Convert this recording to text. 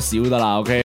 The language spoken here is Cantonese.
少咗啦，OK。